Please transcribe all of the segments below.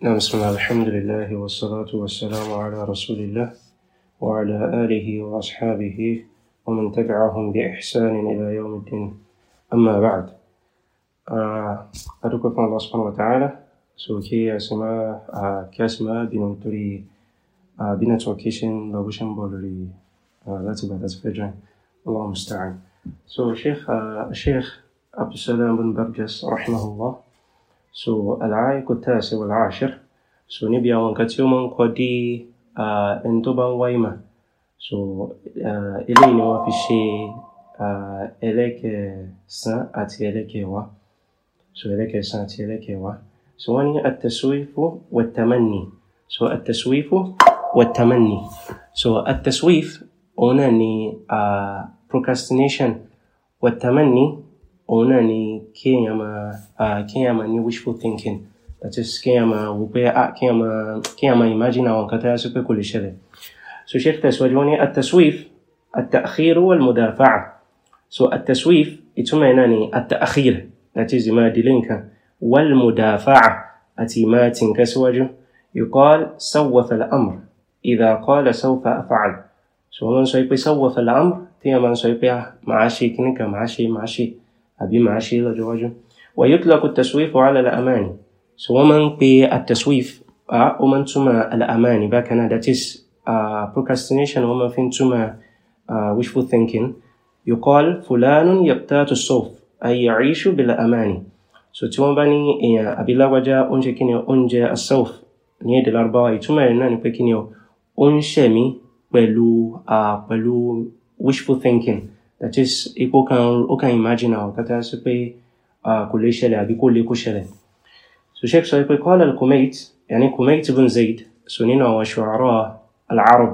نعم بسم الله الحمد لله والصلاة والسلام على رسول الله وعلى آله وأصحابه ومن تبعهم بإحسان إلى يوم الدين أما بعد آه، أدوك الله سبحانه وتعالى سوكي أسما آه، كاسما بنوتري آه، بنتوكيشن لبوشن بولري ذات بعد فجر الله مستعان سو الشيخ الشيخ عبد السلام بن برجس رحمه الله So العائق التاسع والعاشر so níbi àwọn nǹkan tí ó máa ń kọ dé ẹni tó bá waima so eléyìí ni wọ́n fi ṣe ẹlẹ́kẹ̀ẹ́sán àti wa so eleke ẹlẹ́kẹ̀ẹ́sán àti eleke wa so wani ni ní at-taswifu wat-tamanni so at-taswifu wat-tamanni so at-taswif òun náà ni procrastination wat-tamanni òun ni kenyama uh, kenyama ni wishful thinking that is kenyama wò pé ah kenyama kiyama imagine àwọn nǹkan tó yà sí pé kò lè you so sheikh tẹ̀síwájú wọn ní at-taswif at-ta'khir wal-mudafa'a so at-taswif ìtumọ̀ ẹ̀ náà at-ta'khir that is ìmọ̀ àdìlé nǹkan wal-mudafa'a àti ìmọ̀ àti nǹkan síwájú yuqal sawwafa al-amr idha qala sawfa af'al so wọ́n sọ pé sawwafa al-amr tí wọ́n máa ń sọ pé ah màá ṣe kíníkà أبي معاشي ṣe ويطلق التسويف على الأماني so من بي التسويف ó máa الأماني bákan that is procrastination wọ́n máa fi wishful thinking يقال فلان يقتات الصوف أي يعيش بالأماني so tí wọ́n bá ní èèyàn àbí lágbájá oúnjẹ kí ni oúnjẹ الصوف ní أنجا lárúbáwá ìtumọ̀ kí نيد الأربعة ثم itumo ń بلو wishful thinking that is people can o can imagine àwọn kan tí a sọ pé kò lè ṣẹlẹ̀ àbí kò lè kó ṣẹlẹ̀ so sheikh sọ pé qala al kumait yani kumait ibn zaid sunina wa shu'ara al-Arab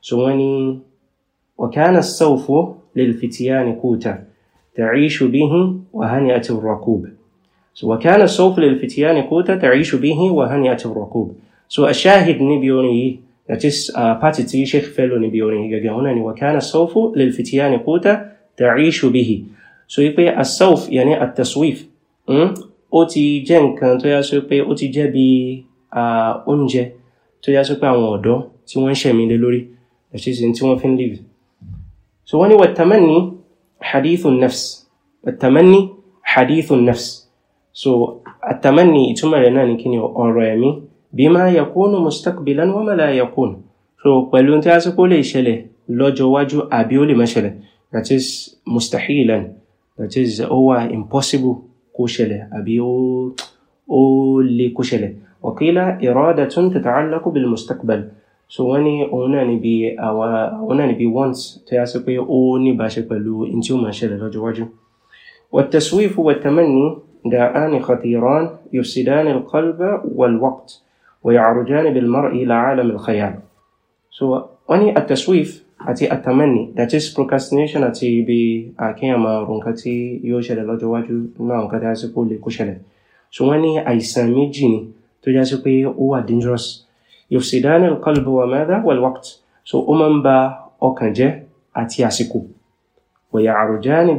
so wọ́n wa kana as-sawfu lil-fityani quta ta'ishu bihi wa hani'at al raqub so wa kana as-sawfu lil-fityani quta ta'ishu bihi wa hani'at al raqub so الشاهد níbi orin that is uh, part tí sheikh fẹ́ lónìí bí orin gẹ́gẹ́ ọ̀nà ni wakana sawfu lil fityan quta ta'ishu bihi so wípé asawf yani at-taswif hmm, ó ti jẹ́ nǹkan tó yá sí pé ó ti jẹ́ bí oúnjẹ tó yá sí pé àwọn ọ̀dọ́ tí wọ́n ń ṣẹ̀mí lé lórí that is tí wọ́n fi ń live so wọ́n ní wàtàmánì hadithun nafs wàtàmánì hadithun nafs so àtàmánì ìtumọ̀ rẹ̀ náà ní kí ni ọ̀rọ̀ ẹ̀mí بما يكون مستقبلا وما لا يكون so pẹ̀lú tí a sì kó lè ṣẹlẹ̀ lọ́jọ́ iwájú àbí ó lè má ṣẹlẹ̀ that is mustahilan that is ó wà impossible kó ṣẹlẹ̀ àbí ó ó lè kó ṣẹlẹ̀ wa qila iradatun tata'allaqu bil mustaqbal so wọ́n ní òun náà níbi àwọn òun náà níbi wants tí a sì pé ó ní bá ṣe pẹ̀lú in tí ó má ṣẹlẹ̀ lọ́jọ́ iwájú والتسويف والتمني دعان خطيران يفسدان القلب والوقت ويعرجان بالمرء إلى عالم الخيال so wọ́n ní at-taswif àti that is procrastination àti ibi àkíyàmọ̀ nǹkan tí yóò ṣẹlẹ̀ lọ́jọ́ iwájú náà nǹkan tí a so wọ́n أيسامي جيني méjì ni هو dangerous يفسدان القلب وماذا والوقت. so ó با ń ba ọkàn jẹ́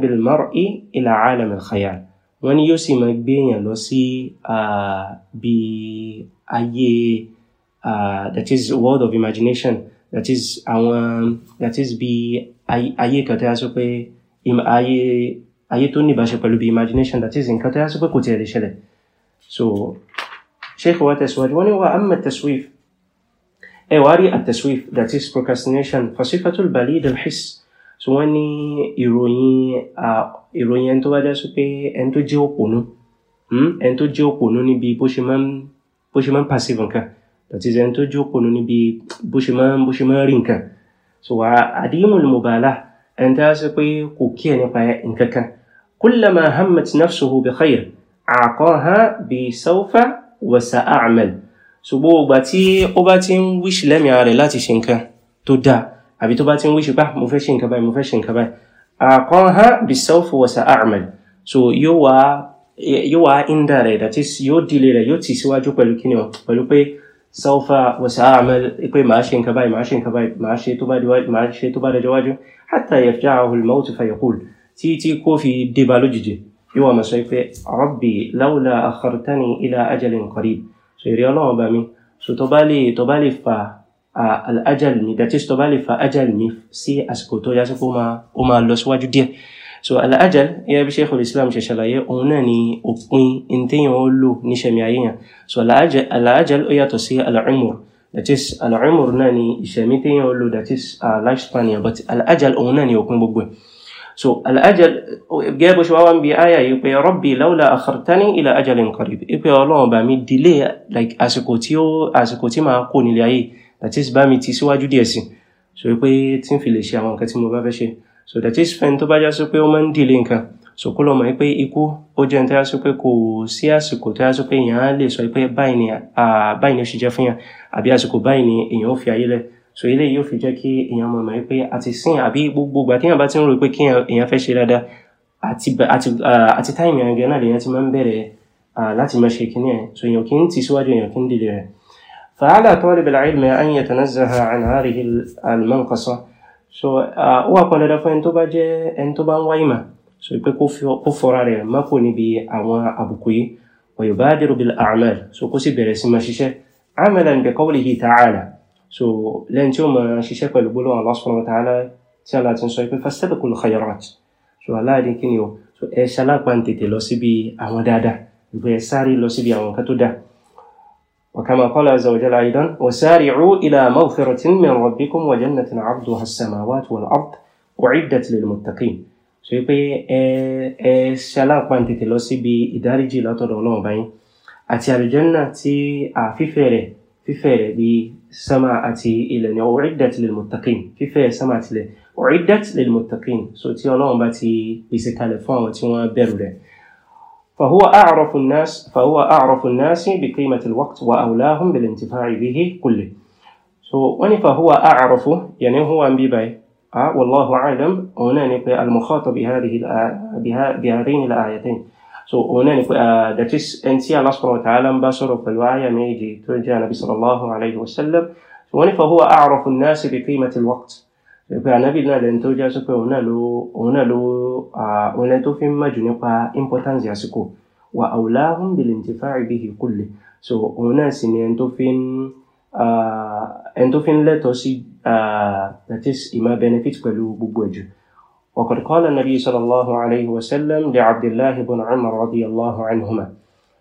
بالمرء إلى عالم الخيال. bil يوسي ila 'alam al-khayal wọ́n ayé uh, that is a world of imagination that is àwọn that is bí ayé kan tó yà sọ pé ayé ayé tó ní ìbáṣe pẹ̀lú bí imagination that is nǹkan tó yà sọ pé kò tiẹ̀ lè ṣẹlẹ̀ so sheikh wa tẹ̀síwájú wọ́n ní wa amma taswif ẹ wàá rí at that is procrastination fasifatul balid al-hiss so wọ́n ní ìròyìn ìròyìn ẹni tó bá jẹ́ sọ pé ẹni tó jẹ́ òpònú hmm, ẹni tó jẹ́ òpònú níbi bó ṣe máa ń bó ṣe máa ń perceive nǹkan àti ẹni tó jókòó níbi bó ṣe máa ń bó ṣe máa ń rí nǹkan so wà àdéhùn mùbàlá ẹni tá a sọ pé kò kí ẹ nípa nǹkan kan kullama hammat nafsuhu bi khayr aqaha bi sawfa wa sa'amal so gbogbo tí ó bá ti ń wíṣì lẹ́mìí ara rẹ̀ láti ṣe nǹkan tó dáa àbí tó bá ti ń wíṣì pa ah, mo fẹ́ ṣe nǹkan báyìí mo fẹ́ ṣe nǹkan báyìí aqaha bi sawfa wa sa'amal so yóò wá yóò wá inda rẹ̀ that is yóò dìlé rẹ̀ yóò tì síwájú pẹ̀lú kíni o pẹ̀lú pé sawfa wasa'amal pé màá ṣe nǹkan báyìí màá ṣe nǹkan báyìí màá ṣe tó bá màá ṣe tó bá dẹjọ́ wájú hatta yafja'ahu al-mawt fa yaqul tí tí kó fi dé ba lójijì yóò wá máa sọ pé rabbi lawla akhartani ila ajalin qarib so èrè ọlọ́run bá mi so tó bá lè tó bá lè fa uh, al mi that tó bá lè fa ajal mi sí àsìkò tó yá sí pé ó máa lọ síwájú díẹ̀ so al-ajal yẹ́ bí Shaykhul Islam ṣe ṣàlàyé òun náà ni òpin ìntẹ́yìn ó lò níṣẹ̀mí ayé yẹn so al-ajal ó yàtọ̀ sí al that is al náà ni ìṣẹ̀mí tẹ́yìn ó lò that is uh, lifespan yẹn but al-ajal òun náà ni òpin gbogbo ẹ̀ so al-ajal gẹ́gẹ́ bó ṣe wá wá ń bi àyà yìí pé rabbi lawla akhartani ila ajalin qarib ipe ọlọ́run bá mi delay like àsìkò tí ó àsìkò tí màá kó nílé ayé that is bá mi ti síwájú díẹ̀ sí so pé tí n fi lè ṣe àwọn nǹkan tí mo bá fẹ́ ṣe so that is fẹ́ni tó bá já sí pé ó máa ń dìlé nǹkan so kó lọ mọ̀ pé ikú ó jẹ́ nítorí sí pé kò sí àsìkò tó yá sí pé èèyàn á lè sọ pé báyìí ni báyìí ni ó ṣe jẹ́ fún yàn àbí àsìkò báyìí ni èèyàn ó fi ayé lẹ̀ so eléyìí yóò fi jẹ́ kí èèyàn mọ̀ mọ̀ pé àti sìn àbí gbogbo ìgbà téèyàn bá ti ń rò pé kí èèyàn fẹ́ ṣe dáadáa àti táìmì àgbẹ̀ náà lèèyàn ti máa ń bẹ̀rẹ̀ láti máa ṣe kíní ẹ̀ so èèyàn kì í tì síwájú èèyàn kì í dìde rẹ̀. فعلى طالب العلم أن يتنزه عن هذه المنقصة so uh, ó wà pọn dandan fún ẹni tó bá jẹ́ ẹni tó bá ń wá ìmọ̀ so pé kó fọra rẹ̀ má kò níbi àwọn àbùkù yìí wa yubadiru bil a'mal so kó sì bẹ̀rẹ̀ sí máa ṣiṣẹ́ amalan bi qawlihi ta'ala so lẹ́yìn tí ó máa ṣiṣẹ́ pẹ̀lú gbólóhùn Allah subhanahu wa ta'ala tí Allah ti ń sọ pé fastabiqul so aláàdín kí ni o so ẹ ṣalápa ń tètè lọ síbi àwọn dáadáa ìgbẹ́ sáré lọ síbi àwọn kan dáa وكما قال عز وجل أيضا وسارعوا إلى مغفرة من ربكم وجنة عرضها السماوات والأرض أعدت للمتقين so yìí pé ẹ ẹ ṣaláǹpá tètè lọ síbi ìdáríjì látọ̀dọ̀ ọlọ́run báyìí àti àlùjànnà tí a fífẹ̀ rẹ̀ fífẹ̀ rẹ̀ bí sánmà àti ilẹ̀ ní u'iddat lil muttaqin fífẹ̀ sánmà àti ilẹ̀ u'iddat lil muttaqin so tí ọlọ́run bá ti pèsè fún àwọn tí wọ́n bẹ̀rù rẹ̀. فهو أعرف الناس فهو أعرف الناس بقيمة الوقت وأولاهم بالانتفاع به كله so wani فهو أعرف يعني هو أم بيباي آه، والله أعلم هنا نبقى المخاطب بهذه بهذين الآيتين so هنا نبقى آه، that is أنت الله سبحانه وتعالى مباشر في الوعي ميجي ترجع النبي صلى الله عليه وسلم so wani فهو أعرف الناس بقيمة الوقت pé anabi náà lẹni tó jásí pé òun náà ló òun náà ló òun lẹni tó fi ń mọ̀jù nípa importance àsìkò wà awlahum bil intifa'i bihi kulli so òun náà sì ni ẹni tó fi ń ẹni tó fi ń lẹ́tọ̀ọ́ sí that is ìmọ̀ benefit pẹ̀lú gbogbo ẹ̀jù. وقد قال النبي صلى الله عليه وسلم لعبد الله بن عمر رضي الله عنهما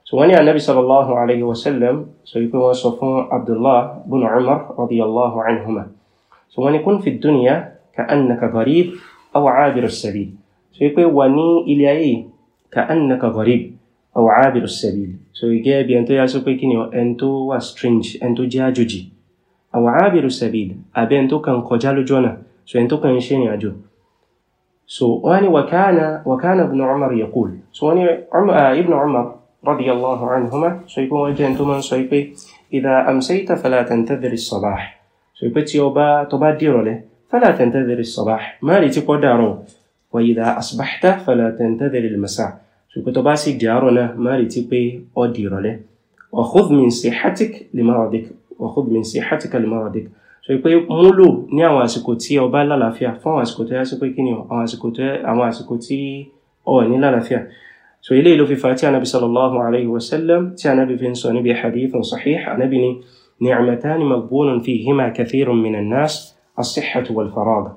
so wọ́n ní anabi sallallahu alayhi wa sallam so yìí pé wọ́n sọ fún abdullah bin umar so wọ́n ní kun fi dunya ka annaka gharib aw abiru sabil so wípé wà ní ilé ayé ka annaka gharib aw abiru sabil so gẹ́gẹ́ bí ẹni yá sọ pé kí ni wà strange ẹni tó jẹ́ àjòjì aw abiru sabil àbẹ́ ẹni tó kàn kọjá lójú ọ̀nà so ẹni tó kàn ń ṣe ìrìn àjò so wọ́n ní wakana wakana ibn umar yaqul so wọ́n ní ah, ibn umar radiyallahu anhuma so wípé wọ́n jẹ́ ẹni tó máa ń sọ wípé idha so pé tí ọba tó bá dé ìrọ̀lẹ́ fala tantadhir as-sabah má rí tí kò dàárọ̀ wa idha asbahta fala tantadhir al-masa so pé tó bá sì dàárọ̀ náà má rí tí pé ọ di ìrọ̀lẹ́ wa khudh min sihatik li maradik wa khudh min sihatika li maradik so pé múlò ní àwọn àsìkò tí ọba lálàáfíà fún àwọn àsìkò tó yá sí pé kí ni àwọn àsìkò tí ọ ní lálàáfíà so ilé ìlú fífa tí anabi sallallahu alayhi wa tí anabi fi ń sọ níbi hadith sahih anabi ni نعمتان مقبول فيهما كثير من الناس الصحة والفراغ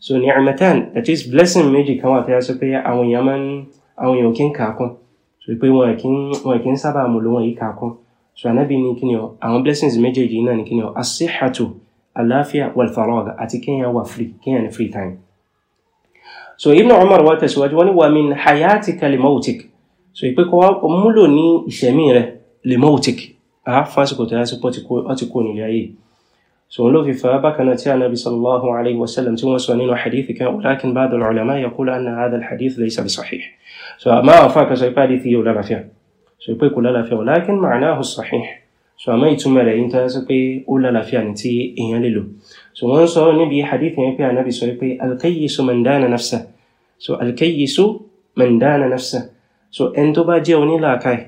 so نعمتان that is blessing méjì kan wà tó yà sọ pé àwọn èèyàn máa ń àwọn èèyàn kí ń kà kún so pé wọn kì ń wọn kì ń sábà mú lò wọn yìí kà kún so ànábì ní kíni ọ àwọn blessings méjèèjì náà ní kíni ọ asíhàtò àlàáfíà wàlfàrọ́ọ̀gà àti kéèyàn wà free kéèyàn ní free time so ibn umar wa tẹ̀síwájú wọn ni wà min hayatika limautik so ìpè kọ́ múlò ní ìṣẹ̀mí rẹ̀ limautik a fásikò tó yá sí pọ́ ti kó nílé ayé so ló fi fa bákan náà tí anabi sallallahu alayhi wa sallam tí wọ́n sọ nínú hadith kan walakin ba'd al-ulama yaqulu anna hadha al-hadith laysa bi sahih so àmọ́ àwọn afa kan sọ ipá hadith yóò lálàáfíà so ipé kò lálàáfíà walakin ma'nahu sahih so àmọ́ ìtumọ̀ rẹ̀ yìí ń tẹ́lẹ̀ sí pé ó lálàáfíà ní tí èèyàn lè so wọ́n sọ níbi hadith yẹn pé anabi sọ pé al man dana nafsa so al man dana nafsa so ẹni tó bá jẹ́ onílàákàyè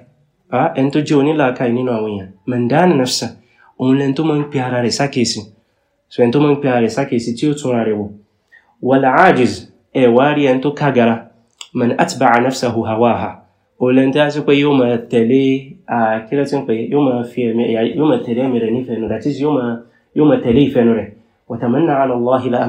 a ah, ẹni tó jẹ́ onílàákàyè nínú àwọn èèyàn mẹ̀ndáàni nafsa òun lẹni tó máa ń pe ara rẹ̀ sákèsí so ẹni tó máa ń pe ara rẹ̀ sákèsí tí ó tún ara rẹ̀ wò wàlà ajiz ẹ̀ wá rí ẹni tó kágara man atba'a nafsahu hawaha òun lẹni tó yásí pé yóò máa tẹ̀lé àkílẹ̀ tí ń pè yóò máa fi ẹ̀mí yóò máa tẹ̀lé ẹ̀mí rẹ̀ nífẹ̀ẹ́ nù that yóò máa tẹ̀lé ìfẹ́ nù rẹ̀ watamanna ala Allahi al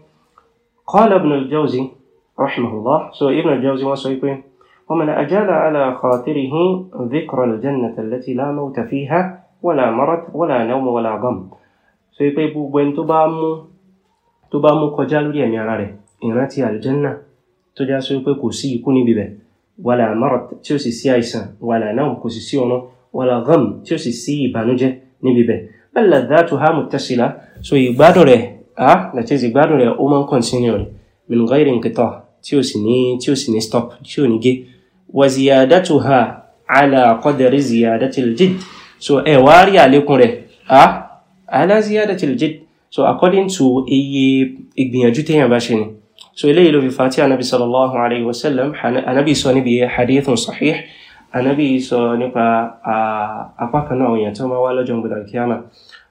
قال ابن الجوزي رحمه الله سوى ابن الجوزي وسويبين ومن أجال على خاطره ذكر الجنة التي لا موت فيها ولا مرض ولا نوم ولا غم سويبين بوين تبامو تبامو قجالو ليا ميانالي إناتي الجنة تجا سويبين كوسي كوني بيبين ولا مرض تشوسي سيايسا ولا نوم كوسي سيونو ولا غم تشوسي سي بانوجي نبيبين بل لذاتها متصلة سويبادو ليه ah that is ìgbádùn rẹ̀ ó máa ń continue rẹ̀ min ghairi inqita tí ò sì ní tí ò sì ní stop tí ò ní gé wa ziyadatuha ala qadri ziyadatil jidd so ẹ wá rí àlékún rẹ̀ ah ala ziyadatil jidd so according to iye ìgbìyànjú téèyàn bá ṣe ni so eléyìí ló fi fa tí anabi sallallahu alayhi wa sallam anabi sọ níbi hadithun sahih anabi sọ nípa apá kan náà àwọn èèyàn tó máa wá lọ́jọ́ gbọdọ̀ kíámà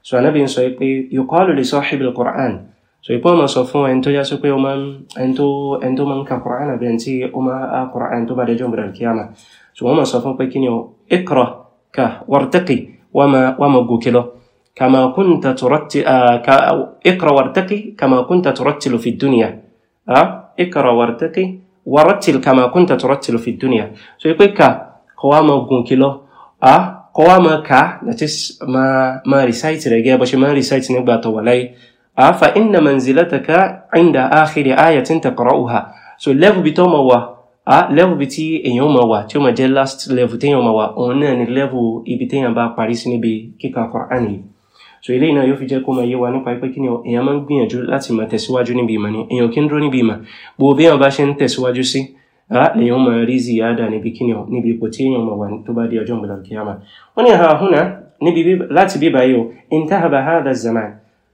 so anabi sọ pé yuqalu li sahibil Qur'an so ipo ma sọ fún en tó já so pé o ma en tó en to man ka Qur'an bi anti ó ma á Qur'an tó bá de jom mìíràn kíyàmà so o ma sọ fún pé kini ó ikra ka wartaqi wà ma wa gòkè lọ kama kunta turatti ka ikra wartaqi kama kunta turattilu fi dunya ha ikra wartaqi warattil kama kunta turattilu fi dunya so ipo ka kọ wà ma gòkè lọ kọ́ wá máa kà á láti máa recite rẹ̀ gẹ́gẹ́ bó ṣe máa recite nígbà tó wà láyé àáfà inna manzilataka inda akhiri ayatin taqra'uha so level bi tó máa wà á level bi tí èèyàn máa wà tí ó máa jẹ́ last level téèyàn máa wà òun náà ni level ibi téèyàn bá parí sí níbi kíkà Qur'an yìí so eléyìí náà yóò fi jẹ́ kó máa yé wa nípa pé kí ni èèyàn máa ń gbìyànjú láti máa tẹ̀síwájú níbi ìmọ̀ ni èèyàn kí ń dúró níbi ìmọ̀ gbogbo bí èèyàn bá ṣe ń tẹ̀síwájú sí lèyàn ah, máa rí ziyada níbi kíni níbi ipò tí èèyàn máa wà tó bá di ọjọ́ ìgbàlá kíyàmà wọ́n ní àhúnà níbi láti bíbá yìí o intahaba hadha zaman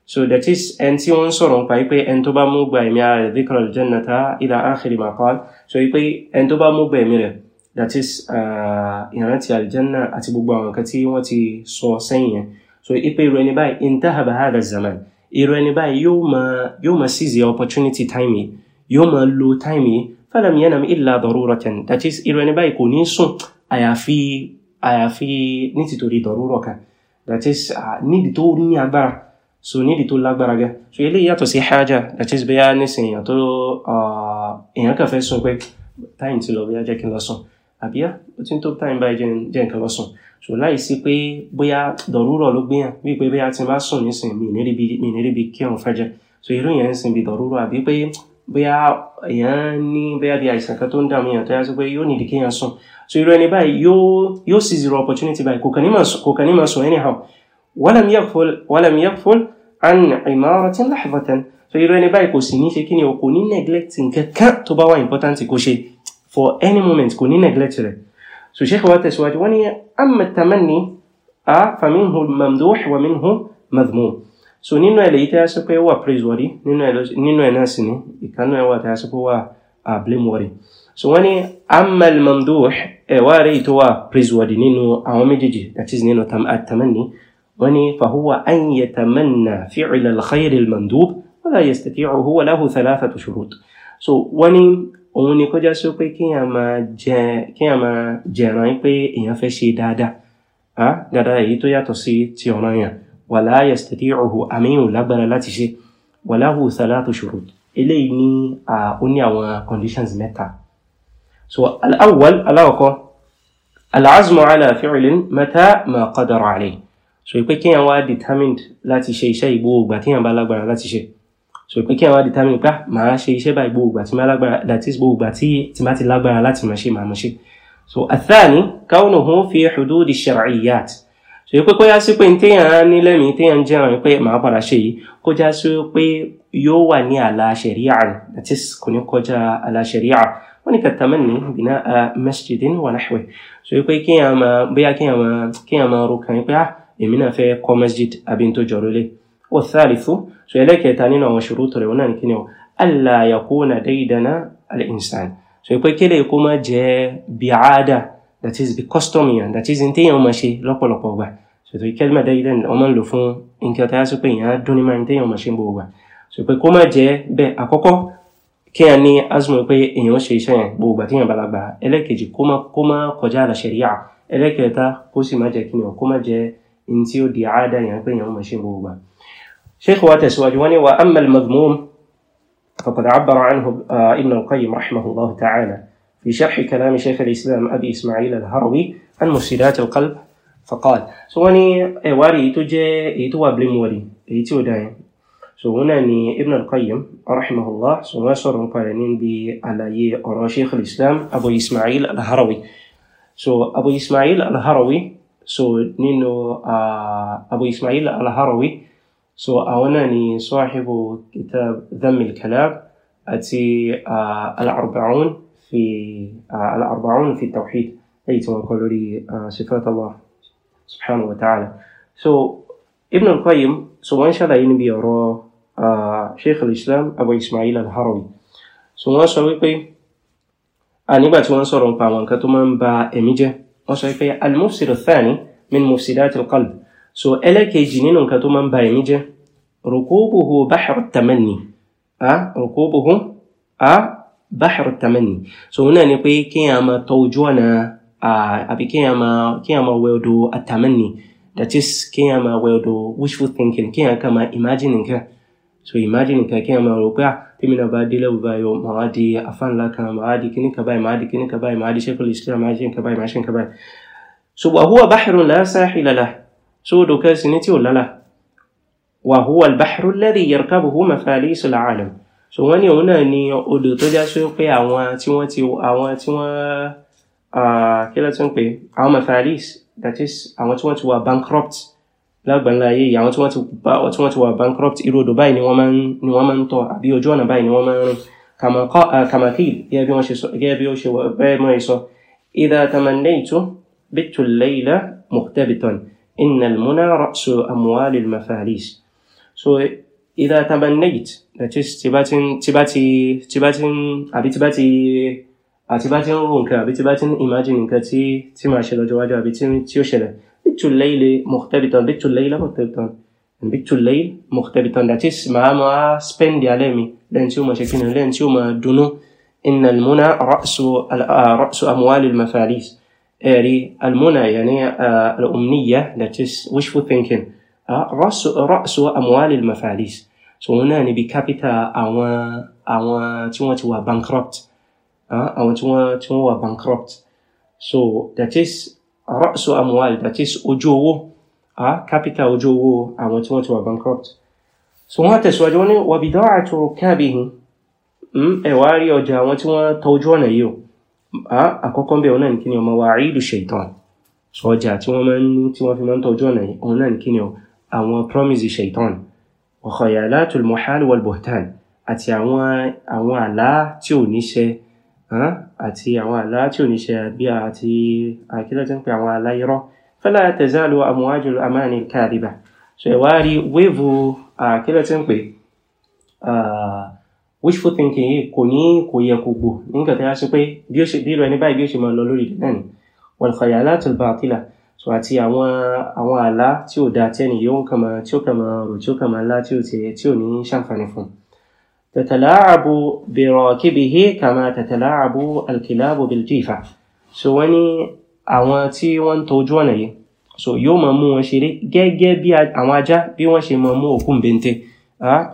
so that is ẹn tí wọ́n sọ̀rọ̀ nípa pé ẹn tó bá mú gba ẹ̀mí ara rẹ̀ dhikra al-jannata ila akhiri ma qala so pé ẹn tó bá mú gba ẹ̀mí rẹ̀ that is ah, ìrántí aljanna àti gbogbo àwọn nǹkan tí wọ́n ti sọ sẹ́yìn yẹn so ipe irú ẹni báyìí intahaba hadha zaman irú ẹni báyìí yóò máa yóò máa seize opportunity time yìí yóò máa lo time yìí falam yanam illa daruratan that is irú ẹni báyìí kò ní sùn àyàfi àyàfi ní tìtorí dọ̀rúrọ̀ kan that is nídìí tó ní agbára so nídìí tó lágbára gan so eléyìí yàtọ̀ sí haja that is bẹ́yà nísìnyí èèyàn tó èèyàn kàn fẹ́ sùn pé táyìn ti lọ bẹ́yà jẹ́ kí n lọ sùn àbíyá ó ti ń tó táyìn báyìí jẹ́ nǹkan lọ sùn so láì sí pé bóyá dọ̀rúrọ̀ ló gbéyàn bí bẹ́yà ti máa sùn nísìnyí mi ní bóyá èèyàn ní bóyá bí àìsàn kan tó ń dààmú èèyàn tó yá sí pé yóò nídìí kéèyàn sùn so irú ẹni báyìí yóò yóò sì zero opportunity báyìí kò kàn ní máa sùn anyhow walam yakful walam yakful an imaratin lahzatan so irú ẹni báyìí kò sì ní ṣe kí ni o kò ní neglect nǹkan kan tó bá wà important kò ṣe for any moment kò ní neglect rẹ̀ so sheikh wa tẹ̀síwájú wọ́n ní amma tamanni a faminhu mamduh so nínú ẹ̀ lèyí tẹ́yà sí pé ó wà praiseworthy nínú ẹ̀ náà sì ní ìkànnú ẹ̀ wà tẹ́yà sí pé ó wà blameworthy so wọ́n ní amal mamduh ẹ̀ wá rí tó wà praiseworthy nínú àwọn méjèèjì that is nínú at-tamanni wọ́n ní fahuwa an yatamanna fi'la al-khayr al-mandub wala yastati'uhu wa lahu thalathatu shurut so wọ́n ní òun ni kọjá sí pé kéèyàn máa jẹ̀ràn pé èèyàn fẹ́ ṣe dáadáa dáadáa èyí tó yàtọ̀ sí ti ọ̀ranyàn wala yastati'uhu àmìyàn lágbára láti ṣe walahu thalathu shurut eléyìí ní ó àwọn conditions mẹ́ta so al-awwal aláwọ̀kọ́ al-azmu ala fi'lin mata ma qadara alayhi so ìpé kí wọ́n wá determined láti ṣe iṣẹ́ ìgbóògbà tí wọ́n bá lágbára láti ṣe so ìpé kí wọ́n wá determined pé ah, màá ṣe iṣẹ́ bá ìgbóògbà tí máa lágbára that is gbóògbà tí tí máa láti máa ṣe máa ṣe so athani kaunuhu fi hududi shar'iyyat ṣe pé kó yá sí pé téèyàn ní lẹ́mìí téèyàn jẹ́ àwọn pé màá padà ṣe yìí kó já sí pé yóò wà ní àlà ṣẹ̀ríà àti kò ní kọjá àlà ṣẹ̀ríà wọ́n ní kàtàmẹ́ ní bìnà masjidin wà náhùwẹ̀ ṣe pé kéèyàn máa bóyá kéèyàn máa kéèyàn máa ro kàn pé ah èmi náà fẹ́ kọ́ masjid àbí tó jọrọ lé wọ́n sáàrì fún ṣe ẹlẹ́kẹta nínú àwọn ṣòro tọ̀rẹ̀ wọn náà kí ni o alla yakuna daidana ṣe pé kéèyàn kó má jẹ́ bi'ada that is the custom yẹn that is ntẹ́ yẹn ọmọ ṣe lọ́pọ̀lọpọ̀ gbà sòtò kẹ́lìmọ̀ dẹ́yìdẹ́ ọmọ ń lò fún nǹkan tá a sọ pé yẹn á dún ní máa ntẹ́ yẹn ọmọ ṣe ń bọ̀ gbà sọ pé kó má jẹ́ bẹ́ẹ̀ àkọ́kọ́ kí yẹn ní azumọ̀ pé èèyàn ṣe iṣẹ́ yẹn gbogbo àti yẹn balagba ẹlẹ́kejì kó má kó má kọjá àlà ṣẹ̀ríyà ẹlẹ́kẹta kó sì má jẹ́ kí yẹn kó má jẹ́ ntí ó di àádá yẹn pé yẹn ọmọ ṣe ń bọ̀ gbà. sheikh wa tẹ̀síwájú wọn ni wa amma al-madhmum faqad abbara anhu ah, ibn al-qayyim rahimahullah ta'ala في شرح كلام شيخ الإسلام أبي إسماعيل الهروي عن مفسدات القلب فقال سواني إيواري إيتو جي إيتو أبلي موري إيتو دايم سواني ابن القيم رحمه الله سواني سورة مقارنين على أورو شيخ الإسلام أبو إسماعيل الهروي سو أبو إسماعيل الهروي سو نينو آه، أبو إسماعيل الهروي سو أوناني صاحب كتاب ذم الكلام أتي آه، الأربعون في الأربعون في التوحيد حيث قالوا لي صفات الله سبحانه وتعالى so ابن القيم سواء شرع ينبي يرى شيخ الإسلام أبو إسماعيل الهروي so wọ́n sọ wípé nígbà tí wọ́n sọ̀rọ̀ nípa àwọn nǹkan tó máa ń ba ẹ̀mí jẹ́ wọ́n sọ wípé al-mufsid ath-thani min mufsidat al-qalb so ẹlẹ́kejì nínú nǹkan tó máa ń ba ẹ̀mí jẹ́ rukubuhu bahr at-tamanni rukubuhu báhìrù tàmánì so òun náà ni pé kéèyàn máa tọ ojú ọ̀nà àbí kéèyàn máa wẹ odò àtàmánì that is kéèyàn máa wẹ wishful thinking kéèyàn kàn máa imagine nǹkan so imagine nǹkan kéèyàn máa rò pé à ah, tèmi náà bá dé lẹ́wọ̀ báyọ̀ màá di afánlá kan màá di kíní kan báyìí màá di kíní kan báyìí màá di sẹ́kọ̀lì islam màá ṣe nǹkan báyìí màá ṣe nǹkan báyìí so wa huwa bahrun la sahila lah so odò kan sì ní tí ò lálà wa huwa al-bahru alladhi yarkabuhu mafalisul alam so wọ́n ní òun náà ni odò tó já sí pé àwọn tí wọ́n ti àwọn tí wọ́n kí ló ti ń pè àwọn mafaris that is àwọn tí wọ́n ti wà bankrupt lágbàńlá ayé yìí àwọn tí wọ́n ti bá tí wọ́n ti wà bankrupt irú odò báyìí ni wọ́n máa ń ni wọ́n máa ń tọ̀ àbí ojú ọ̀nà báyìí ni wọ́n máa ń rìn kàmàkìl gẹ́gẹ́ bí wọ́n ṣe sọ gẹ́gẹ́ bí ó ṣe bẹ́ẹ̀ mọ́ ẹ sọ idha tamannaytu bitu al-layla mukhtabitan inna al mafaris so إذا تمنيت that تباتين تباتي تباتين أبي تباتي تباتن رونكا أبي تباتن imagine كتي تما شلو جواجا أبي تيو شلو بيت الليل مختبطا بيت الليل مختبطا بيت الليل مختبطا that is ما ما spend يعلمي لأن تيوما شكين لأن ما دونو إن المنى رأس آه، رأس أموال المفاريس يعني المنى يعني آه، الأمنية that is wishful thinking Ah, ra'su amwali al-mafalis so òun náà ni bí capital àwọn àwọn tí wọ́n ti wà bankrupt ah, àwọn tí wọ́n tí wọ́n wà bankrupt so that is ra'su amwal that is ojú owó capital ah, ojú owó àwọn tí wọ́n ti wà bankrupt so wọ́n tẹ̀síwájú wọn ni wa bida'atu rukkabihim hmm, ẹ wá rí ọjà àwọn tí wọ́n tọ ojú ọ̀nà yìí o àkọ́kọ́ bẹ̀ òun náà ní kíni ọmọ wa àìdù ṣaitan so ọjà tí wọ́n máa ń tí wọ́n fi máa ń tọ ọ̀nà yìí àwọn promise shaitan wa khayalatul muhal wal buhtan àti àwọn àwọn àlá tí ò ní ṣe àti àwọn àlá tí ò ní ṣe àbí àti àkílẹ̀ tí ń pè àwọn àlá irọ́ fala tazalu amwajul amani kadiba so ẹ̀ wá rí wéèvù àkílẹ̀ tí ń pè wishful thinking yìí kò ní kò yẹ kó gbò nígbà a sọ pé bí ó ṣe bí irú ẹni báyìí bí ó ṣe máa lọ lórí ìdí náà ni so àti àwọn àwọn àlá tí ò dáa tí ẹni yóò kàn máa tí ó kàn máa rò tí ó kàn máa lá tí ò tiẹ̀ tí ò ní ṣàǹfààní fún un. tatala'abu birakibihi kama tatala'abu alkilabu biljifa so wọ́n ní àwọn tí wọ́n ń tọ́jú ọ̀nà yìí so yóò máa mú wọn ṣeré gẹ́gẹ́ bí àwọn ajá bí wọ́n ṣe máa mú òkú bẹ́ńtẹ́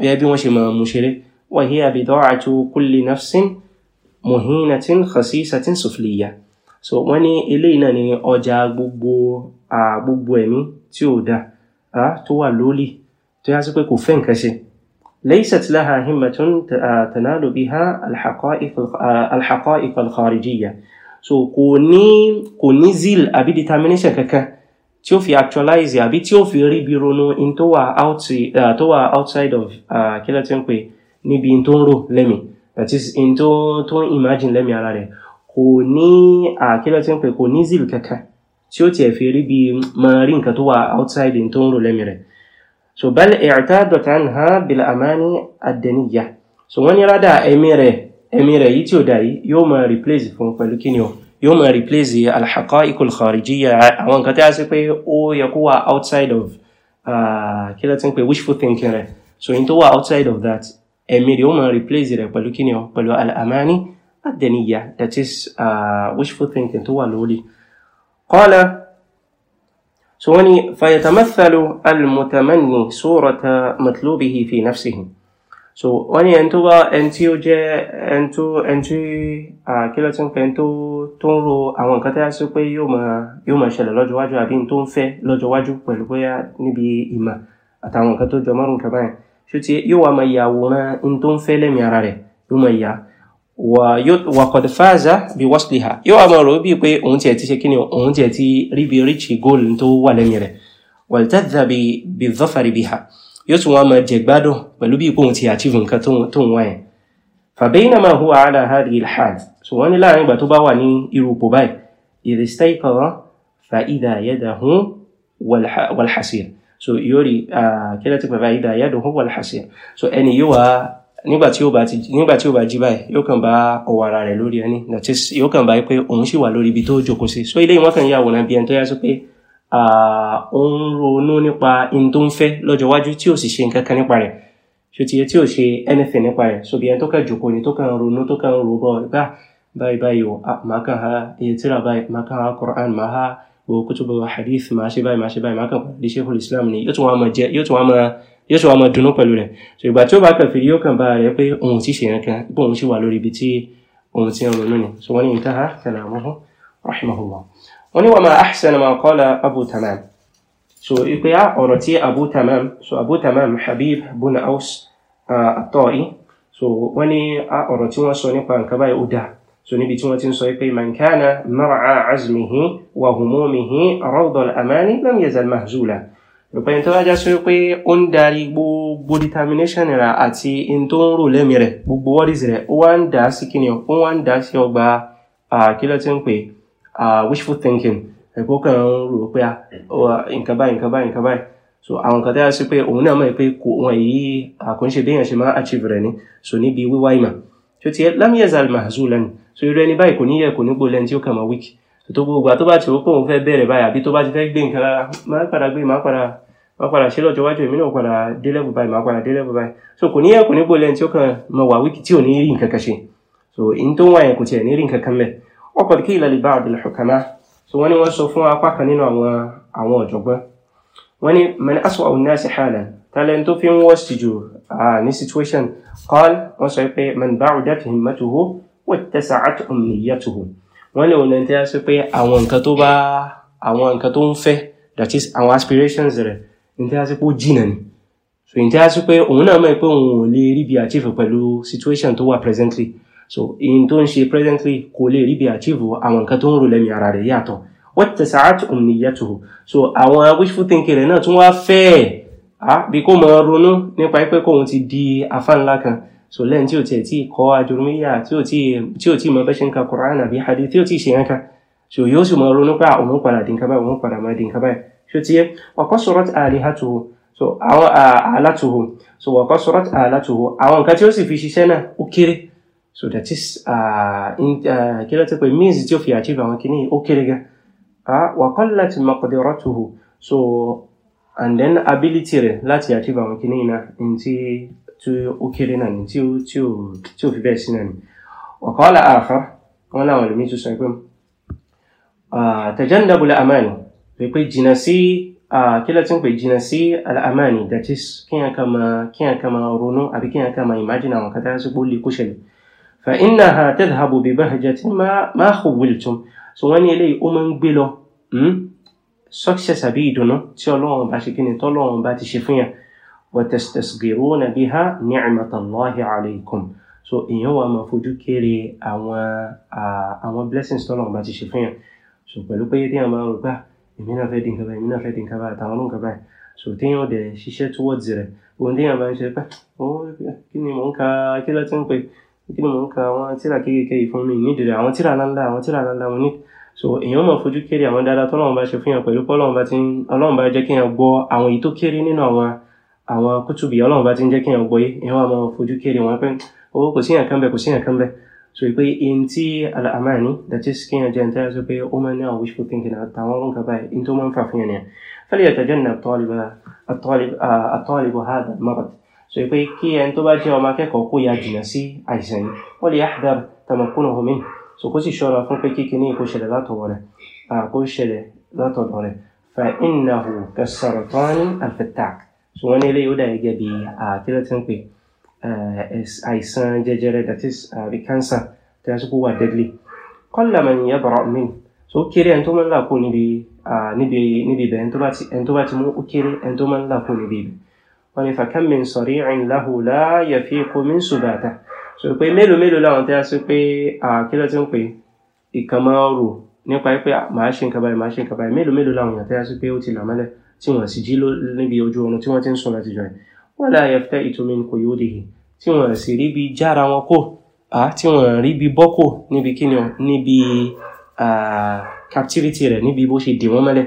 gẹ́gẹ́ bí wọ́n ṣe máa mú ṣeré wa hiya bida'atu kulli nafsin muhinatin khasisatin sufliya so wọ́n ní eléyìí náà ni ọjà gbogbo gbogbo ẹ̀mí tí ò da tó wà lólì tó yá sí pé kò fẹ́ nǹkan ṣe laysat laha himmatun tanalu biha al-haqa'iq al-kharijiyya so kò ní kò ní zeal àbí determination kankan tí ó fi actualize àbí tí ó fi rí bí ronú in tó wà outside of kí ló ń pè níbi in tó ń rò lẹ́mìí that is in tó ń imagine lẹ́mìí ara rẹ̀ kò ní kí ló ti ń pè kò ní zeal kankan tí ó tiẹ̀ fi rí bí máa rí nǹkan tó wà outside tó ń rò lẹ́mìí rẹ̀ so bal i'tadat anha bil amani ad-daniyya so wọ́n ní rádà ẹ̀mí rẹ̀ ẹ̀mí rẹ̀ yìí tí ó dà yìí yóò máa replace fún pẹ̀lú kí ni o yóò máa replace al-haqa'iq al-kharijiyya àwọn nǹkan tí a sọ pé ó yẹ kó wà outside of kí ló ti ń pè wishful thinking rẹ̀ so in tó wà outside of that ẹ̀mí rẹ̀ yóò máa replace rẹ̀ pẹ̀lú kí ni o pẹ̀lú al الدنية that is uh, wishful thinking to wà lórí قال سواني فيتمثل المتمني صورة مطلوبه في نفسه so wọ́n ní ẹni tó bá ẹni tí ó jẹ́ ẹni tó ẹni tí àkílẹ̀ tó ń pẹ́ tó tó ń ro àwọn nǹkan tó yá sí pé yóò máa yóò máa ṣẹlẹ̀ lọ́jọ́ iwájú àbí tó ń fẹ́ lọ́jọ́ iwájú pẹ̀lú bóyá níbi ti yóò wá máa yà àwòrán ní tó ń fẹ́ lẹ́mìí ara rẹ̀ yóò máa yà wàkọ̀dé fáàzà bí wọ́sílìhà yóò wà máa rò bíi pé òun tiẹ̀ ti ṣe kí ni òun tiẹ̀ ti rí bí ríṣì góòlù tó wà lẹ́mìí rẹ̀ wàlítàdà bí zọ́fàrí bí ha yóò tún wà máa jẹ gbádùn pẹ̀lú bí ipò òun ti achieve nǹkan tó ń wáyẹn. fàbẹ́yìn náà huwa ala hadhihi al-hal so wọ́n ní láàrin ìgbà tó bá wà ní irú ipò báyìí ìrìsítà ìkọ̀rọ̀ fa'idha yadahu wal hasir so yóò rí ah, kílẹ̀ tó pẹ̀ fa'idha yadahu wal hasir so ẹni yóò wá nígbà tí ó bá ti nígbà tí ó bá jí báyìí yóò kàn bá ọwọ́ ara rẹ̀ lórí ẹni nàti yóò kàn bá pé òun sì wà lórí ibi tó jókòó sí so eléyìí wọ́n kàn yà wòran bí ẹni tó yá sí pé ó ń ronú nípa in tó ń fẹ́ lọ́jọ́ iwájú tí ò sì ṣe nǹkan kan nípa rẹ̀ ṣòtìyẹ tí ò ṣe anything nípa rẹ̀ so bí ẹni tó kàn jókòó ni tó kàn ronú tó kàn ro bọ́ gbà báyìí báyìí o màá kàn ha iye tíra báyìí màá kàn ha Qur'an màá ha wo kutubu hadith màá ṣe báyìí màá ṣe báyìí màá kàn pàdé Sheikhul Islam ni yóò tún wá máa jẹ yóò tún wá máa yóò sọ ọmọ dùnú pẹ̀lú rẹ̀ so ìgbà tí ó bá kẹfì yóò kàn bá rẹ̀ pé òun sì ṣe nǹkan pé òun sì wà lórí ibi tí òun ti ń ronú ni so wọ́n ní intaha kalamuhu rahimahullah wọ́n ní wa ma ahsana ma qala abu tamam so ipe a ah, ọ̀rọ̀ tí abu tamam so abu tamam habib bun aus ah, at-ta'i so wọ́n ní a ah, ọ̀rọ̀ tí wọ́n sọ nípa nǹkan báyìí ó dáa so níbi tí wọ́n ti ń sọ pé man mar'a azmihi wa humumihi rawdal amani lam yazal mahzula Lupin tó bá já sí wípé ó ń darí gbogbo determination rẹ̀ àti in tó ń rò lẹ́mìí rẹ̀ gbogbo worries rẹ̀ ó wá ń dà á sí kíni ó wá ń dà á sí ọgbà kí ló ń pè wishful thinking ẹ̀kọ́ kan ń rò pé nǹkan báyìí nǹkan báyìí nǹkan báyìí so àwọn nǹkan tó yà sí pé òun náà mọ̀ pé kò wọ́n yìí àkúnṣe béèyàn ṣe máa achieve rẹ̀ ni so níbi wíwá ìmọ̀ tí ó ti ẹ́ lámìyẹ̀zà mahzul lẹ́nu so irú ẹni báyìí kò ní yẹ kò ní gbó lẹ́ni tí ó kà máa wíkì tó gbogbo ìgbà tó bá ti rò pé òun fẹ́ bẹ̀rẹ̀ báyìí àbí tó bá ti fẹ́ gbé nǹkan rárá máa padà gbé máa padà máa padà ṣe lọ́jọ́ iwájú èmi náà padà dé lẹ́bù báyìí máa padà dé lẹ́bù báyìí so kò ní yẹ kò ní bò lẹ́yìn tí ó kàn mọ wà wíkì tí ò ní rí nǹkan kan ṣe so in tó ń wá yẹn kò tiẹ̀ ní rí nǹkan kan mẹ́ wọ́n kí ìlàlẹ̀ bá àdìlẹ̀ ṣọ̀kànná so wọ́n ní wọ́n sọ fún apá kan nínú àwọn àwọn ọ̀jọ̀gbọ́n wọ́n ní mẹ́ni aswa an-nas halan tálẹ̀ tó fi ń wọ́ sí jù ní situation qal wọ́n sọ pé man ba'udat himmatuhu wa ttasa'at umniyatuhu wọ́n lè wọlé tí a sọ pé àwọn nǹkan tó bá àwọn nǹkan tó ń fẹ́ that is àwọn aspirations rẹ̀ ní tí a sọ pé ó jìnà ni so ní tí a sọ pé òun náà mọ̀ pé òun ò lè rí bí achieve pẹ̀lú situation tó wà presently so in tó ń ṣe presently kò lè rí bí achieve àwọn nǹkan tó ń rò lẹ́mìí ara rẹ̀ yàtọ̀ wattasa'at umniyatuhu so àwọn wishful thinking rẹ̀ náà tún wá fẹ́ẹ̀ ah, bí kò mọ̀ ronú nípa pé kóun ti di afáńlá kan so lẹ́yìn tí o tiẹ̀ tí kọ́ àdùnmíyà tí o tí mọ bẹ́ẹ̀ ṣe ń ka Qur'an àbí hadith tí o tí ṣe yẹn kan so yóò sì máa ronú pé òun padà dín kábàá òun padà máa dín kábàá so ti yẹ ọkọ sọ̀rọ̀ alihatuhu so àwọn alatuhu so ọkọ sọ̀rọ̀ alatuhu àwọn nǹkan tí ó sì fi ṣiṣẹ́ náà ó kéré so that is kí ló ti pè means tí ó fi achieve àwọn kìíní ó kéré gan wa qallat maqdiratuhu so and then ability rẹ̀ láti achieve àwọn kìíní náà ntí tí ó kéré náà ni tí ó tí ó tí ó fi bẹ́ẹ̀ sí náà ni ọ̀kọ́ la àfá wọn láwọn ẹlòmíín tún sọ pé tajannabu al-amani pé pé jìnnà sí kí ló ti ń pè jìnnà sí al-amani that is kíyàn ká máa kíyàn ká máa ronú àbí kíyàn ká máa imagine àwọn kátà sí pé ó lè kó ṣẹlẹ̀ fa innaha tadhhabu bi bahjatin ma khawwaltum so wọ́n ní eléyìí ó máa ń gbé lọ success àbí ìdùnnú tí ọlọ́run bá ṣe kí ni tọ́lọ́run bá ti ṣe fún yàn وتستصغرون بها نعمة الله عليكم so èèyàn wà máa fojú kéré àwọn àwọn blessings tọ́lọ̀ bá ti ṣe fún yàn so pẹ̀lú pé téèyàn máa rò gbà ah, èmi náà fẹ́ di nǹkan báyìí èmi náà fẹ́ di nǹkan báyìí àtàwọn ló báyìí so téèyàn dẹ̀ ṣiṣẹ́ towards rẹ̀ ohun téèyàn bá ń ṣe pé kí ni mò ń ka kí ló ti ń pè kí ni mò ń ka àwọn tíra kéékèèké yìí fún mi nídìí àwọn tíra ńláńlá àwọn tíra ńláńlá mo ní so èèyàn máa fojú kéré àwọn dáadáa tọ́lọ́run bá ṣe fún yàn pẹ̀lú pé ọlọ́run bá jẹ́ kéèyàn gbọ́ àwọn èyí tó kéré nínú àwọn àwọn kútùbì ọlọ́run bá ti ń jẹ́ kí èèyàn gbọ́yé èèyàn wà máa fojú kéré wọn pé owó kò síyàn kan bẹ kò síyàn kan bẹ so pé in tí àmàní that kí èèyàn jẹ́ nítorí sọ pé ó máa ní àwọn wishful thinking àtàwọn ọ̀run kan báyìí in tó máa ń fà fún yẹn nìyẹn fẹ́lẹ́ yàtọ̀jẹ́ ní àtọ́lìbò hàdà mọ́bà so pé kí ẹni tó bá jẹ́ ọmọ akẹ́kọ̀ọ́ kó ya jìnà sí àìsàn yìí wọ́n lè yàtọ̀ tàmọ̀kúnà homin so kó sì ṣọ́ra fún pé kíkiní kó kó ṣẹlẹ̀ látọ̀dọ̀ rẹ̀ fa innahu kasaratan alfatak so wọ́n ní eléyìí ó dà gẹ́gẹ́ bí àkílẹ̀ tí ń pè àìsàn jẹjẹrẹ that is àbí cancer tí a sọ́kò wà deadly kọ́lá mà ní yàbọ̀rọ̀ mi so ó kéré ẹni tó máa ń là kó níbi níbi níbi ibẹ̀ ẹni tó bá ti mú ó kéré ẹni tó máa ń là kó níbi ibẹ̀ wọ́n ní fàkà mi sọ̀rí ìrìn láhùn láàyè fi kó mi sùn bàtà so pé mélòó mélòó làwọn tí a sọ pé àkílẹ̀ tí ń pè ìkànnì ọrù nípa pé màá ṣe nǹkan báyìí màá ṣe nǹkan báyìí mélòó mélòó làwọn tí a sọ pé ó ti là tí wọ́n sì jí níbi ojú oorun tí wọ́n ti ń sùn láti jọ ẹ̀ wala yaftaitu min quyudihi tí wọ́n sì rí bí jára wọn kò á tí wọ́n rí bí bọ́kò níbi kíni ọ níbi captivity rẹ̀ níbi bó ṣe dè wọ́n mọ́lẹ̀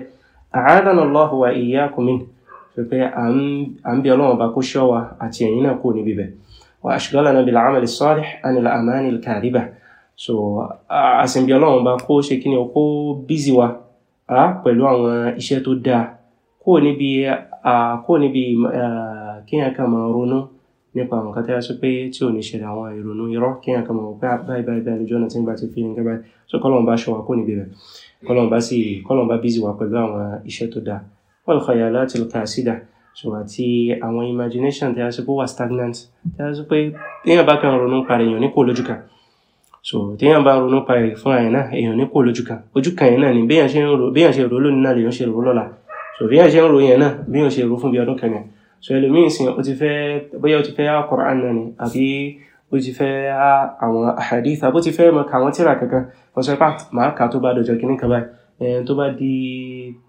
a'adana Allahu wa iyyakum min pé à ń bí ọlọ́run bá kó ṣọ́ wa àti ẹ̀yin náà kò níbi bẹ̀ wa ashghalana bil amali salih anil amani al kadhiba so àsìnbí ọlọ́run bá kó ṣe kíni ọ kó bízì wa pẹ̀lú àwọn iṣẹ́ tó dáa kúrò níbi kúrò níbi kéèyàn kan máa ronú nípa àwọn nǹkan tí a sọ pé tí ò ní ṣẹlẹ̀ àwọn ìrònú irọ́ kéèyàn kan máa wọ pé ah, báyìí báyìí báyìí lójú ọ̀nà tí ń gbà ti fi nǹkan báyìí so kọ́lọ́n bá ṣọ wa kúrò níbi rẹ̀ kọ́lọ́n bá sì kọ́lọ́n bá bízì wa pẹ̀lú àwọn iṣẹ́ tó dáa wal khayalatil qasida so àti àwọn imagination tí a sọ pé wà stagnant tí a sọ pé téèyàn bá kàn ronú parẹ́ èèyàn ní kò lójú kan so téèyàn bá ronú parẹ́ fún àyàn náà èèyàn ní kò lójú kan ojú kan yẹn náà ni béèyàn ṣe ń ro béèyàn ṣe rò lónìí náà so bí yàn ṣe ń ròyìn ẹ̀ náà bí yàn ṣe rò fún bí so ẹlòmíín sìn ó ti fẹ́ bóyá ó ti fẹ́ á Qur'an náà ni àbí ó ti fẹ́ á àwọn hadith àbó ti fẹ́ mọ ká àwọn tíra kankan wọ́n sọ pé ah, màá kà tó bá dọjọ́ kínní kan báyìí tó bá di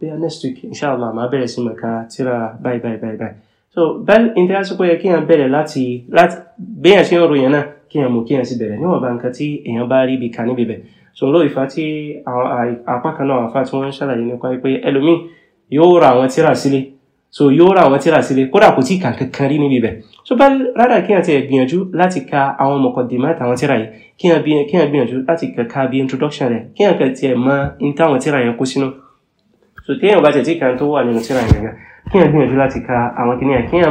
bóyá next week inshallah màá bẹ̀rẹ̀ sí mọ ká tíra báyìí báyìí báyìí báyìí so bẹ́ẹ̀ ní tẹ́lá sọ́kọ́ yẹ kí yàn bẹ̀rẹ̀ láti láti bí yàn ṣe ń ròyìn kí yàn mú kí yàn sì bẹ̀rẹ̀ níwọ̀nba nǹkan tí èèyàn bá rí ibi kà níbi bẹ̀ so lóòfà tí àwọn apá kan náà àfa tí wọ́n ń ṣàlàyé nípa pé ẹlòmíì yóò ra àwọn so yóò ra àwọn tíra sílé kódà kò tí so bá rárá kí n àti ẹ̀gbìyànjú láti ka àwọn mọ̀kọ̀dìmọ́ àtàwọn tíra yìí kí n gbìyànjú introduction rẹ̀ kí n kà tiẹ̀ mọ ní táwọn tíra so téèyàn bá tẹ̀tí kan tó wà nínú tíra yẹn gẹ́gẹ́ kí n gbìyànjú láti ka àwọn kìnìyàn kí n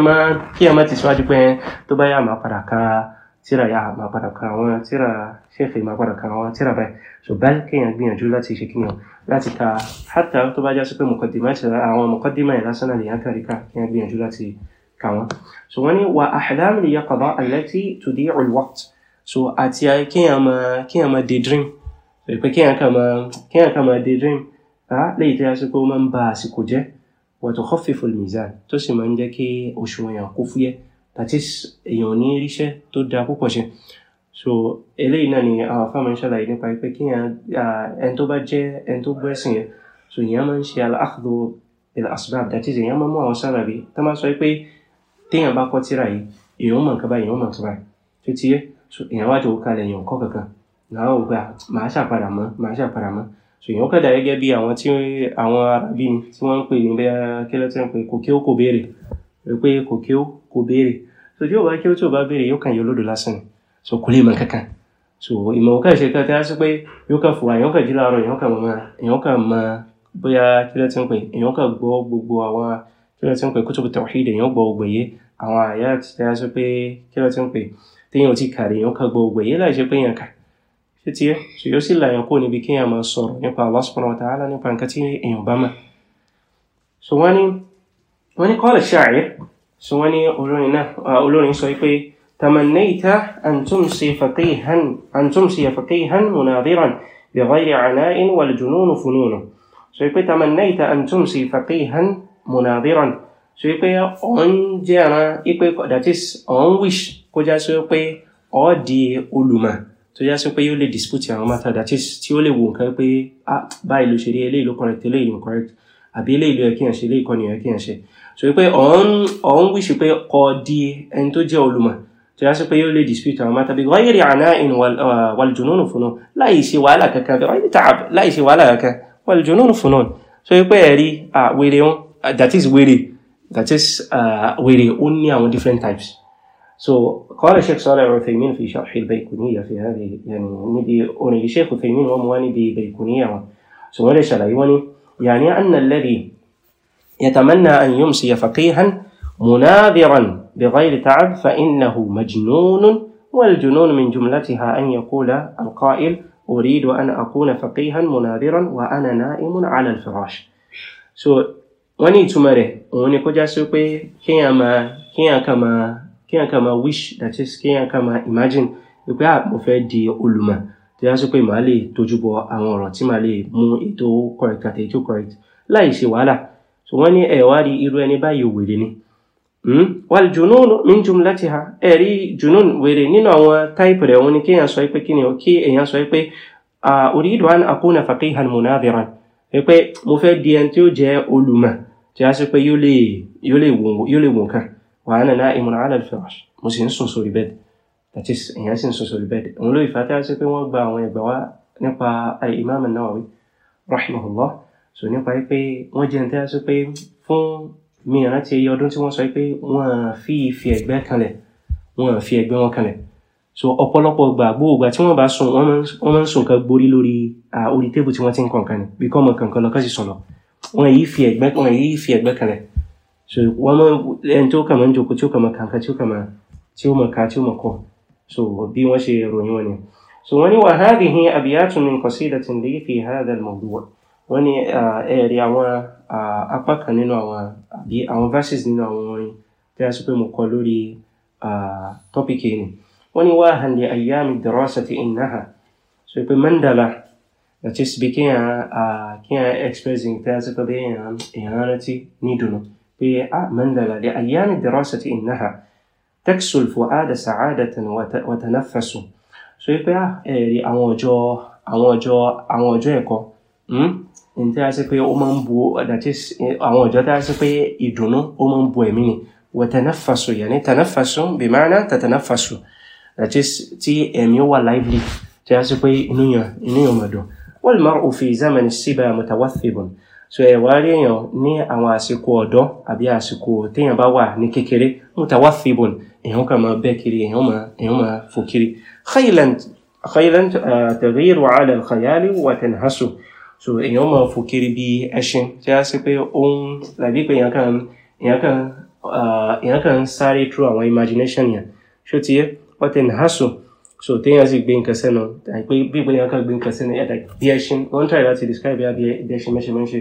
má tíra yà máa padà kan àwọn tíra ṣẹ́fẹ̀ máa padà kan àwọn tíra báyìí ṣùgbọ́n kéèyàn gbìyànjú láti ṣe kí ni ọ láti ka hátà tó bá já sí pé mọ̀kọ́dìmá ìṣẹ̀lá àwọn mọ̀kọ́dìmá ìlásán náà lèyàn kárí ká kéèyàn gbìyànjú láti ka wọn. so wọ́n ní wa ahlam lè yaqada allati tudi'u al-waqt so àti kéèyàn máa kéèyàn máa daydream pé kéèyàn kà máa kéèyàn kà that is èèyàn ní ríṣẹ́ tó dáa púpọ̀ ṣe so eléyìí náà ni àwọn afáàmọ́ ń ṣàlàyé nípa pé kí ẹn tó bá jẹ́ ẹn tó gbẹ́sìn yẹn so èèyàn máa ń ṣe aláàkùdó asbab that is èèyàn máa mú àwọn sábàbí tá máa sọ pé téèyàn bá kọ́ tíra yìí èèyàn mọ̀ nǹkan báyìí èèyàn mọ̀ nǹkan báyìí tó ti so èèyàn wájú òkú kalẹ̀ èèyàn kọ́ kankan làwọn ò gbà ṣàpadà mọ́ màá ṣàpadà mọ́ so èèyàn kàdà gẹ́gẹ́ bí àwọn tí àwọn arábí ni tí wọ́n ń pè ní bẹ́ẹ̀ kí lọ́tọ́ ń kòkéó kò béèrè pé kòkéó kó béèrè so tí ó bá kí ó tí ó bá béèrè yóò kàn yọ lódò lásán so kò lè mọ kankan so ìmọ̀ òkà ìṣe kan tí a sọ pé yóò kàn fún wa èèyàn kàn jí láàárọ̀ èèyàn kàn mọ èèyàn kàn mọ bóyá kí ló ti ń pè èèyàn kàn gbọ́ gbogbo àwọn kí ló ti ń pè kutubu tawhid èèyàn gbọ́ gbogbo yé àwọn àyà tí a sọ pé kí ló ti ń pè téèyàn ti kàrí èèyàn kàn gbọ́ gbogbo yé láì ṣe pé èèyàn kà ṣé so yóò sì là èèyàn kó níbi kéèyàn máa sọ̀rọ̀ nípa Allah subhanahu wa ta'ala nípa nǹkan tí èèyàn bá mà so wọ́n ní wọ́n ní qala sha'ir so wọ́n ní olórin náà olórin sọ pé tamannaita an tumsiya faqihan munadiran bighayri ana'in wal jununu fununu so pé tamannaita an tumsi faqihan munadiran so pé ọ̀n jẹ́ran ipe that is ọ̀n wish kó já sí pé ọ̀ di olùmọ̀ tó já sí pé yóò lè dispute àwọn matter that is tí ó lè wò nǹkan pé ah, báyìí ló ṣe rí eléyìí ló correct eléyìí ló correct àbí eléyìí ló yẹ kí n ṣe so pé ọ̀hún ọ̀hún wíṣì pé kọ́ di ẹni tó jẹ́ olùmọ̀ tó yá sí pé yóò lè dispute àwọn mata bí ghayri ana'in uh, wal junun funun láì ṣe wàhálà kankan bí ghayri ta'ab láì ṣe wàhálà kankan wal junun funun so pé ẹ̀rí wèrè wọn that is wèrè that is wèrè ó ní àwọn different types so qala sheikh Salih Uthaymin fi sharh al-Baykuniyya fi hadhihi yani níbi orin sheikh Uthaymin wọn mú wá níbi Baykuniyya wọn so wọ́n lè ṣàlàyé wọn ni yani anna alladhi يتمنى أن يمسي فقيها مناذرا بغير تعب فإنه مجنون والجنون من جملتها أن يقول القائل أريد أن أكون فقيها مناذرا وأنا نائم على الفراش so wọ́n ní ìtumọ̀ rẹ̀ òun ni kó já sí pé kéèyàn máa kéèyàn kan máa kéèyàn wish that is kéèyàn kan máa imagine pé à mo fẹ́ di olùmọ̀ tó já sí pé màá lè tójú bọ àwọn ọ̀rọ̀ tí màá lè mú ètò correct àti ètò correct láì ṣe wàhálà so wọ́n ní ẹ̀ wá rí irú ẹni báyìí wèrè ni hmm? wal junun min jumlatiha ẹ̀ rí junun wèrè nínú àwọn táìpù rẹ̀ wọ́n ní kéèyàn sọ pé kíni o kí èèyàn sọ pé uridu an akuna faqihan munadhiran pé mo fẹ́ di ẹni tí ó jẹ́ olùmọ̀ tí a sọ pé yóò lè wò kàn wa ana na'imun ala al mo sì ń sùn sórí bẹ́ẹ̀ that is sì ń sùn sórí bẹ́ẹ̀ òun ló ìfà tí a sọ pé wọ́n gba àwọn ẹgbẹ̀ wá nípa al-Imam an rahimahullah so nípa pé wọ́n jẹ́ nítorí sọ pé fún mi ìrántí iye ọdún tí wọ́n sọ pé wọ́n fi ìfi ẹ̀gbẹ́ kanlẹ̀ wọ́n fi ẹ̀gbẹ́ wọn kanlẹ̀ so ọ̀pọ̀lọpọ̀ gbà gbogbo tí wọ́n bá sùn wọ́n máa ń sùn kan gborí lórí orí tébù tí wọ́n ti ń kọ̀ọ̀kan ni bí kò mọ kankan lọ kó sì sùn lọ wọ́n yìí fi ẹ̀gbẹ́ wọ́n yìí fi ẹ̀gbẹ́ kanlẹ̀ so wọ́n máa ẹni tó kàn máa ń jòkó tí ó kàn máa kankan tí ó kàn máa tí ó máa ka tí ó máa kọ so bí wọ́n ṣe ròyìn wọn ni so wọ́n ní wa hadhihi abyatun min qasidatin li fi hadha al wọ́n ní ẹ rí àwọn apá kan nínú àwọn àbí àwọn verses nínú àwọn orin tí a sọ pé mo kọ lórí tọ́pìkì ni wọ́n ní wá hàndí ayyami dirasati innaha so pé mandala that is bí kíyàn kíyàn expressing tí a sọ pé èèyàn rántí ní ìdùnnú pé mandala li ayyami dirasati innaha taksu al-fu'ada sa'adatan wa tanaffasu so pé ẹ̀rí àwọn ọjọ́ àwọn ọjọ́ àwọn ọjọ́ ẹ̀kọ́ Hmm? ní tí a ṣe pé ó máa ń bo dàtí àwọn ọjọ́ tí a ṣe pé ìdùnnú ó máa ń bo ẹ̀mí ni wẹ̀tẹ̀náfàṣù yẹni tẹ̀náfàṣù bí mẹ́rànà tẹ̀tẹ̀náfàṣù dàtí tí ẹ̀mí wà láìvlì tí a ṣe pé inú yàn inú yàn mọ̀ dùn wal mar'u fi zamani síbẹ̀ mutawaththibun so ẹ wá rí èèyàn ní àwọn àsìkò ọ̀dọ́ àbí àsìkò téèyàn bá wà ní kékeré mutawaththibun èèyàn kàn máa bẹ́ kiri èèyàn máa èèyàn máa fò kiri khaylan khaylan eh, taghiru ala al-khayali wa tanhasu so èèyàn máa fò kiri bí ẹṣin tí a sì pé ohun làbí pé èèyàn kan èèyàn kan èèyàn kan sáré through àwọn imagination yẹn ṣó ti yẹ wọ́n tẹ̀ ní hasso so téèyàn sì gbé nǹkan sẹ́nu àìpé bí ìpínlẹ̀ yẹn kan gbé nǹkan sẹ́nu ẹ̀dà bí ẹṣin wọ́n try láti describe bí bí ẹṣin mẹ́ṣe mẹ́ṣe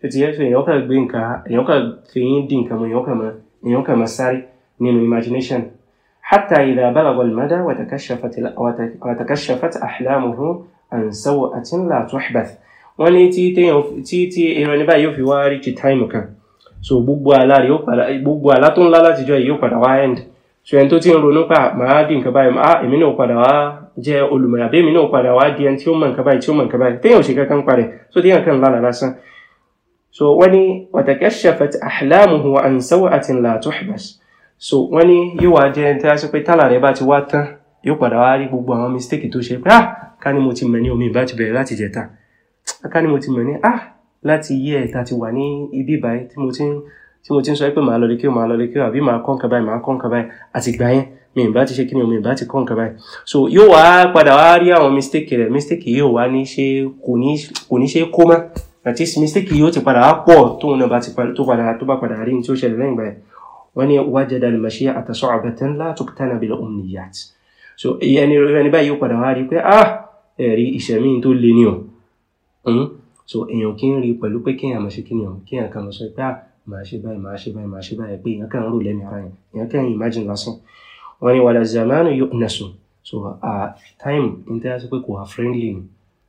ṣó ti yẹ so èèyàn kan gbé nǹkan èèyàn kan fi yín dín nǹkan mọ́ èèyàn kan mọ́ èèyàn kan mọ́ sáré nínú imagination حتى إذا بلغ المدى وتكشفت وتكشفت أحلامه عن سوءة لا تحبث wọ́n ní tí tí ẹran ní báyìí yóò fi wá reach time kan so gbogbo àlá rẹ̀ yóò padà gbogbo àlá tó ńlá látijọ́ yìí yóò padà wá end so ẹni tó ti ń ronú pa màá di nǹkan báyìí ah èmi náà padà wá jẹ́ olùmọ̀ àbí èmi náà padà wá di ẹni tí ó mọ̀ nǹkan báyìí tí ó mọ̀ nǹkan báyìí téèyàn ò ṣe kankan parẹ̀ so téèyàn kan lálàá lásán so wọ́n ní watakashafat ahlamuhu an saw'atin la tuhbas so wọ́n ní yóò wá jẹ́ ẹni tí a sọ pé tálà rẹ̀ bá ti wá tán yóò padà wá rí gbogbo àwọn mistake tó ṣe pé ah ká ní mo ti mọ̀ ní omi ìbá ti bẹ̀rẹ̀ láti jẹ̀ta aká ni mo ti mọ̀ ní ah láti yí ẹ̀ ta ti wà ní ibi báyìí tí mo ti ń tí mo ti ń sọ pé màá lọ lè kí o màá lọ lè o àbí màá kọ́ nǹkan báyìí màá kọ́ nǹkan báyìí àti gbà yẹn mi ì bá ti ṣe kí ni o mi ì bá ti kọ́ nǹkan báyìí so yóò wá padà wá rí àwọn mistake rẹ̀ mistake yóò wá ní ṣe kò ní ṣe kó mọ́ àti mistake yóò ti padà wá pọ̀ tóun náà bá ti tó padà tó bá padà rí ní tí ó ṣẹlẹ̀ lẹ́yìn báyìí wọ́n ní wajada al-mashi'a tasa'ubatan la tuqtana bil-umniyat so ìyẹn ni báyìí yóò padà wá rí pé ah ẹ̀rí ìṣẹ̀mí tó le ni Hm? so èèyàn kì í rí pẹ̀lú pé kéèyàn máa ṣe kí ni ọ̀hún kéèyàn kan lọ sọ pé ah màá ṣe báyìí màá ṣe báyìí màá ṣe báyìí pé èèyàn kan rò lẹ́nu ara yẹn èèyàn kan imagine lásán wọ́n ní wàlá zamanu yóò nẹ̀sùn so ah time n tẹ́ sọ pé kò wà friendly ni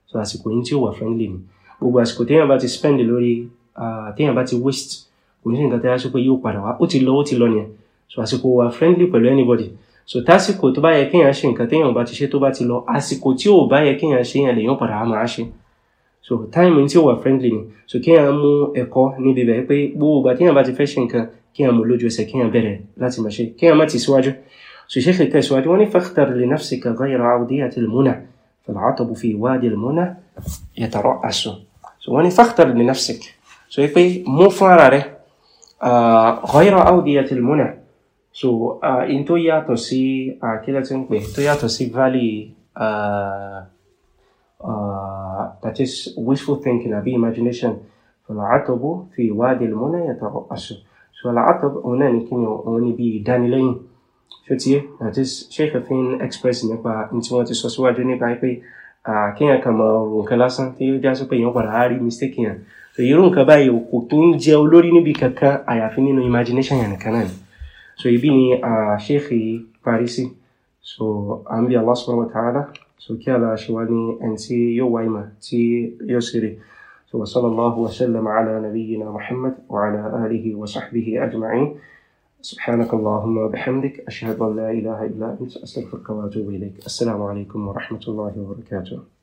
so àsìkò yín tí ó wà friendly ni gbogbo àsìkò téèyàn bá ti spend lórí téèyàn bá ti waste kò ní sí nǹkan tẹ́ sọ pé yóò padà wá ó ti lọ ó ti lọ nìyẹn so àsìkò wà friendly pẹ̀lú anybody so tásìkò tó bá yẹ kéèyàn ṣe nǹkan téèyàn bá ti ṣe tó bá ti lọ àsìkò tí ò bá yẹ kéèyàn ṣe yẹn lèèyàn padà á máa ṣe so táìmù tí ó wà friendly ni so kéèyàn mú ẹ̀kọ́ níbi bẹ́ẹ̀ pé gbogbo ìgbà kéèyàn bá ti fẹ́ ṣe nǹkan kéèyàn mú lójú ẹsẹ̀ kéèyàn bẹ̀rẹ̀ láti máa ṣe kéèyàn má ti síwájú so sheikh tẹ̀síwájú wọn ní fakhtar li nafsika ghayra awdiyati al-muna fal-atabu fi wadi al-muna yatara'asu so wọn ní fakhtar li nafsik so yẹ pé mú fún ara rẹ ghayra awdiyati al-muna so in tó yàtọ̀ sí kílẹ̀ tó ń pè tó yàtọ̀ sí valley that is wishful thinking àbí imagination fọlàátọbù fi ìwádìí lọmọnà yàtọ̀ àṣù fọlàátọbù òun náà ní kíni òun níbi ìdánilẹ́yìn ṣòtí that is ṣé ìfẹ́fẹ́ ń express nípa tí wọ́n ti sọ síwájú nípa pé kéèyàn kan mọ ọ̀rọ̀ nǹkan lásán tí ó já sí pé èèyàn padà á rí mistake yẹn èyírò nǹkan báyìí kò tó ń jẹ olórí níbi imagination yẹn nìkan so ibi ni ṣéèkì parí so à ń bí Allah subhanahu so kí aláṣẹ wa ní ẹni tí yóò wá ìmọ̀ tí yóò sì rí so wa sallallahu wa sallam ala nabiyyina muhammad wa ala alihi wa sahbihi ajma'in سبحانك اللهم وبحمدك أشهد أن لا إله إلا أنت أستغفرك وأتوب إليك السلام عليكم ورحمة الله وبركاته